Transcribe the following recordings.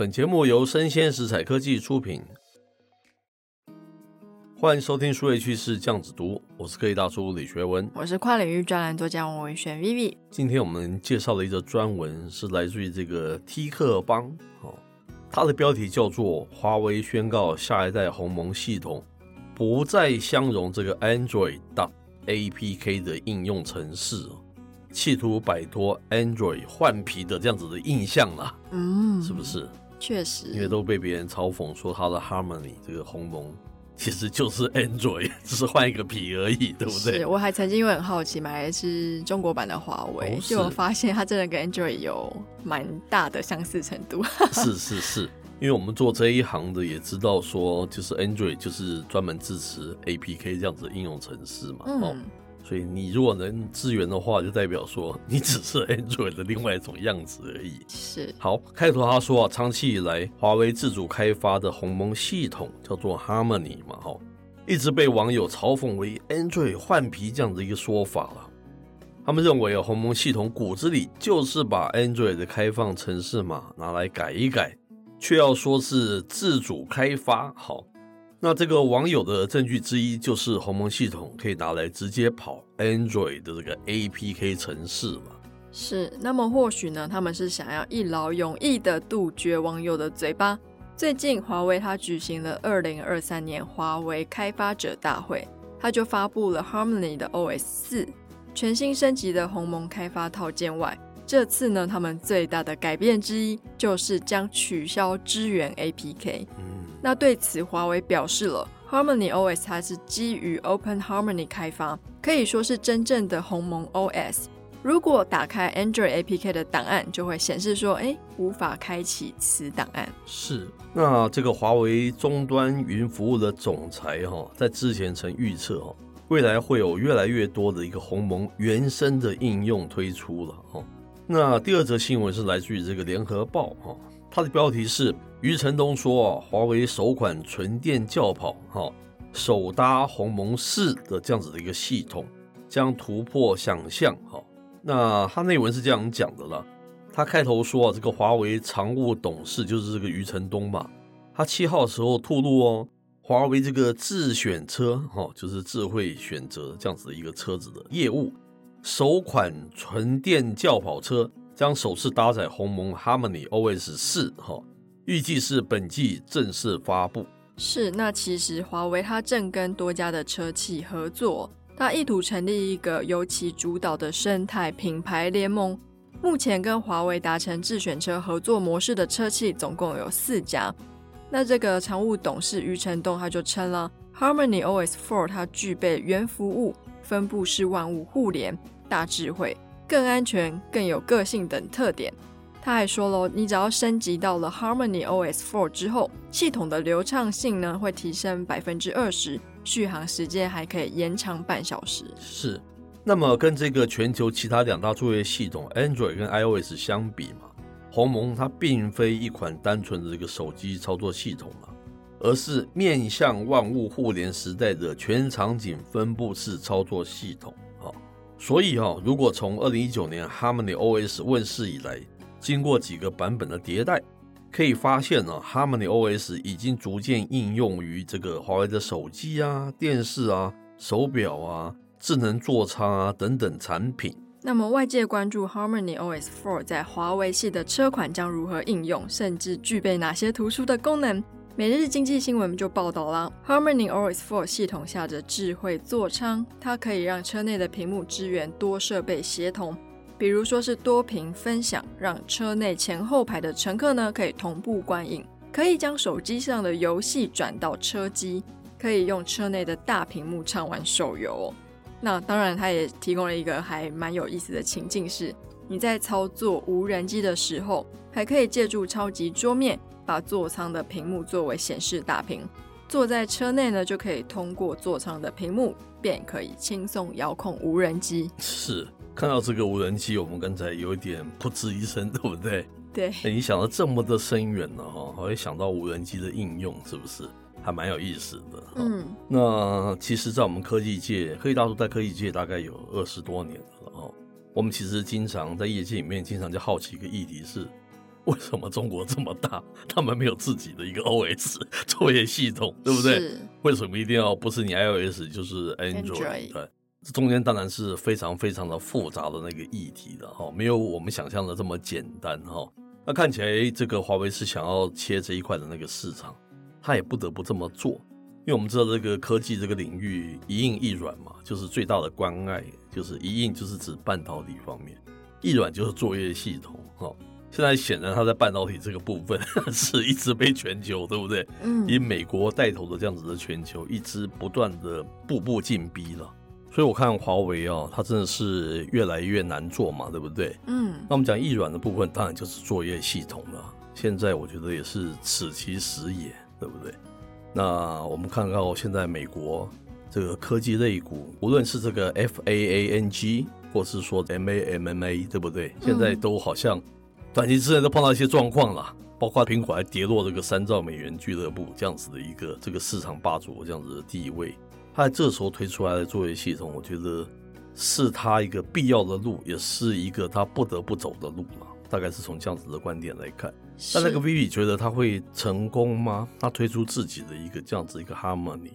本節目由聲鮮時采科技出品。歡迎收聽《數位趨勢醬子讀》，我是科技大叔李學文，我是跨領域專欄作家王文軒 Vivi。今天我們介紹的一則專文是來自於這個 T 客邦哦，它的標題叫做《華為宣告下一代鴻蒙系統不再相容這個 Android 大 APK 的應用程式》，企圖擺脫 Android 換皮的這樣子的印象啦。嗯，是不是？確實，因為都被別人嘲諷說他的 Harmony 這個鴻蒙其實就是 Android， 只是換一個皮而已，對不對？是，我還曾經因為很好奇買一支中國版的華為，結、哦、果發現它真的跟 Android 有蠻大的相似程度。 是是是，因為我們做這一行的也知道說，就是 Android 就是專門支持 APK 這樣子的應用程式嘛。嗯。所以你如果能支援的話，就代表說你只是 Android 的另外一種樣子而已。是好，開頭他說啊，長期以來華為自主開發的鴻蒙系統叫做 Harmony 嘛，哈，一直被網友嘲諷為 Android 換皮這樣的一個說法了。他們認為啊，鴻蒙系統骨子裡就是把 Android 的開放程式嘛，拿來改一改，卻要說是自主開發，好。那這個網友的證據之一就是鴻蒙系統可以拿來直接跑 Android 的這個 APK 程式嗎？是，那麼或許呢，他們是想要一勞永逸的杜絕網友的嘴巴。最近華為它舉行了二零二三年華為開發者大會，它就發布了 Harmony 的 OS 四，全新升級的鴻蒙開發套件外。這次呢，他們最大的改變之一就是將取消支援 APK。嗯，那對此華為表示了 Harmony OS 它是基於 Open Harmony 開發，可以說是真正的鴻蒙 OS。如果打開 Android APK 的檔案，就會顯示說，哎，無法開啟此檔案。是。那這個華為終端雲服務的總裁哈，哦，在之前曾預測哦，未來會有越來越多的一個鴻蒙原生的應用推出了哦。那第二則新聞是來自於這個《聯合報》哈，它的標題是余承東說啊，華為首款純電轎跑哈、哦，首搭鴻蒙四的這樣子的一個系統，將突破想象哈。那它內文是這樣講的啦，它開頭說啊，這個華為常務董事就是這個余承東嘛，他七號時候透露哦，華為這個智選車哈、哦，就是智慧選擇這樣子的一個車子的業務。首款純電轎跑車將首次搭載鴻蒙 Harmony OS 四，哈，預計是本季正式發布。是，那其實華為它正跟多家的車企合作，它意圖成立一個由其主導的生態品牌聯盟。目前跟華為達成智選車合作模式的車企總共有四家。那這個常務董事余承東他就稱了，Harmony OS Four，它具備元服務。分布式萬物互聯、大智慧、更安全、更有個性等特點。他還說咯，你只要升級到了 Harmony OS 4之後，系統的流暢性呢會提升百分之二十，續航時間還可以延長半小時。是。那麼跟這個全球其他兩大作業系統 Android 跟 iOS 相比嘛，鴻蒙它並非一款單純的這個手機操作系統嘛。而是面向萬物互聯時代的全場景分布式操作系統啊，所以哈，如果從二零一九年 Harmony OS 問世以來，經過幾個版本的迭代，可以發現 Harmony OS 已經逐漸應用於這個華為的手機啊、電視啊、手錶啊、智能座艙啊等等產品。那麼外界關注 Harmony OS 4在華為系的車款將如何應用，甚至具備哪些突出的功能？每日經濟新聞就報道了 HarmonyOS 4系統下的智慧座艙，它可以讓車內的屏幕支援多設備協同，比如說是多屏分享，讓車內前後排的乘客呢可以同步觀影，可以將手機上的遊戲轉到車機，可以用車內的大屏幕暢玩手遊哦。那當然，它也提供了一個還蠻有意思的情境是，你在操作無人機的時候，還可以借助超級桌面。把座艙的屏幕作為顯示大屏，坐在車內呢，就可以通過座艙的屏幕，便可以輕鬆遙控無人機。是，看到這個無人機，我們剛才有一點撲哧一聲，對不對？對、欸。你想到這麼的深遠了哈，還會想到無人機的應用，是不是？還蠻有意思的。嗯。那其實，在我們科技界，科技大叔在科技界大概有二十多年了哈。我們其實經常在業界裡面，經常就好奇一個議題是。為什麼中國這麼大？他們沒有自己的一個 OS 作業系統，對不對？是。為什麼一定要不是你 iOS 就是 Android？Android 對，這中間當然是非常非常的複雜的那個議題了哈，沒有我們想象的這麼簡單哈。那看起來這個華為是想要切這一塊的那個市場，它也不得不這麼做，因為我們知道這個科技這個領域一硬一軟嘛，就是最大的關愛，就是一硬就是指半導體方面，一軟就是作業系統哈。現在顯然，他在半導體這個部分 是一直被全球，對不對？嗯、以美國帶頭的這樣子的全球，一直不斷的步步進逼了。所以我看華為啊、哦，它真的是越來越難做嘛，對不對？嗯。那我們講易軟的部分，當然就是作業系統了。現在我覺得也是此其時也，對不對？那我們看到現在美國這個科技類股，無論是這個 F A A N G，或是說 M A M M A，對不對、嗯？現在都好像。短期之內都碰到一些狀況了，包括蘋果還跌落這個三兆美元俱樂部這樣子的一個這個市場霸主這樣子的地位。他在這時候推出來的作業系統，我覺得是他一個必要的路，也是一個他不得不走的路啦，大概是從這樣子的觀點來看。但那個 Vivi 覺得他會成功嗎？他推出自己的一個這樣子一個 Harmony，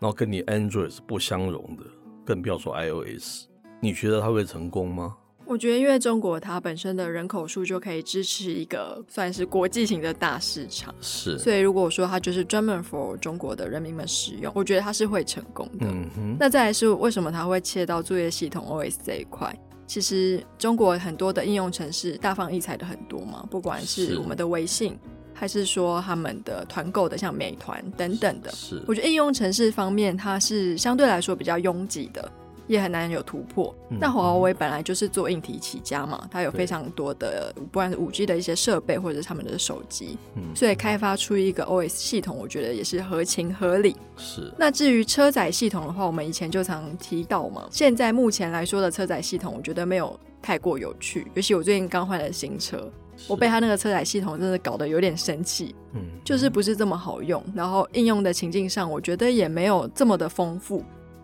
然後跟你 Android 是不相容的，更不要說 iOS。你覺得他會成功嗎？我覺得，因為中國它本身的人口數就可以支持一個算是國際型的大市場，是。所以如果說它就是專門 for 中國的人民們使用，我覺得它是會成功的。嗯哼。那再來是為什麼它會切到作業系統 OS 這一塊？其實中國很多的應用程式大放異彩的很多嘛，不管是我們的微信，還是說他們的團購的，像美團等等的。是。我覺得應用程式方面，它是相對來說比較擁擠的。也很難有突破。嗯、那華為本來就是做硬體起家嘛，它有非常多的不管是 5G 的一些設備或者是他們的手機、嗯，所以開發出一個 OS 系統，我覺得也是合情合理。是。那至於車載系統的話，我們以前就常提到嘛，現在目前來說的車載系統，我覺得沒有太過有趣。尤其我最近剛換了新車，我被它那個車載系統真的搞得有點生氣。嗯。就是不是這麼好用，然後應用的情境上，我覺得也沒有這麼的豐富。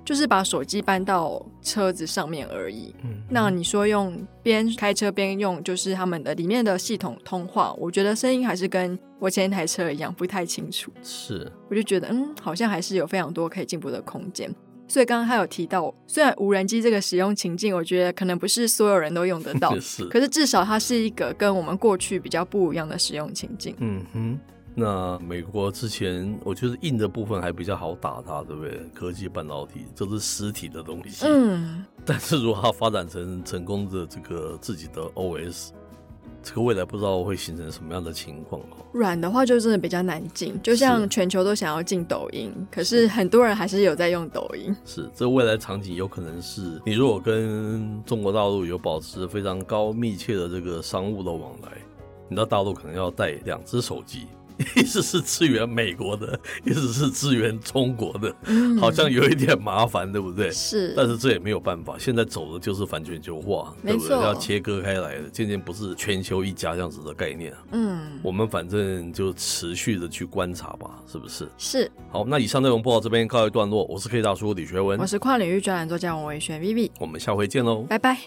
就是把手機搬到車子上面而已。嗯，那你說用邊開車邊用，就是他們的裡面的系統通話，我覺得聲音還是跟我前一台車一樣，不太清楚。是，我就覺得嗯，好像還是有非常多可以進步的空間。所以剛剛他有提到，雖然無人機這個使用情境，我覺得可能不是所有人都用得到，可是至少它是一個跟我們過去比較不一樣的使用情境。嗯哼。那美國之前，我覺得硬的部分還比較好打它，對不對？科技半導體，就是實體的東西。嗯。但是如果它發展成成功的這個自己的 OS，這個未來不知道會形成什麼樣的情況。軟的話就真的比較難進，就像全球都想要進抖音，可是很多人還是有在用抖音。是，這未來場景有可能是你如果跟中國大陸有保持非常高密切的這個商務的往來，你到大陸可能要帶兩支手機。 一直是支援美國的，一直是支援中國的，好像有一點麻煩，嗯，對不對？是。但是這也沒有辦法，現在走的就是反全球化，對不對？要切割開來的，漸漸不是全球一家這樣子的概念。嗯。我們反正就持續的去觀察吧，是不是？是。好，那以上內容播到這邊告一段落。我是 K 大叔李學文，我是跨領域專欄作家王維軒 Vivi。我們下回見嘍，拜拜。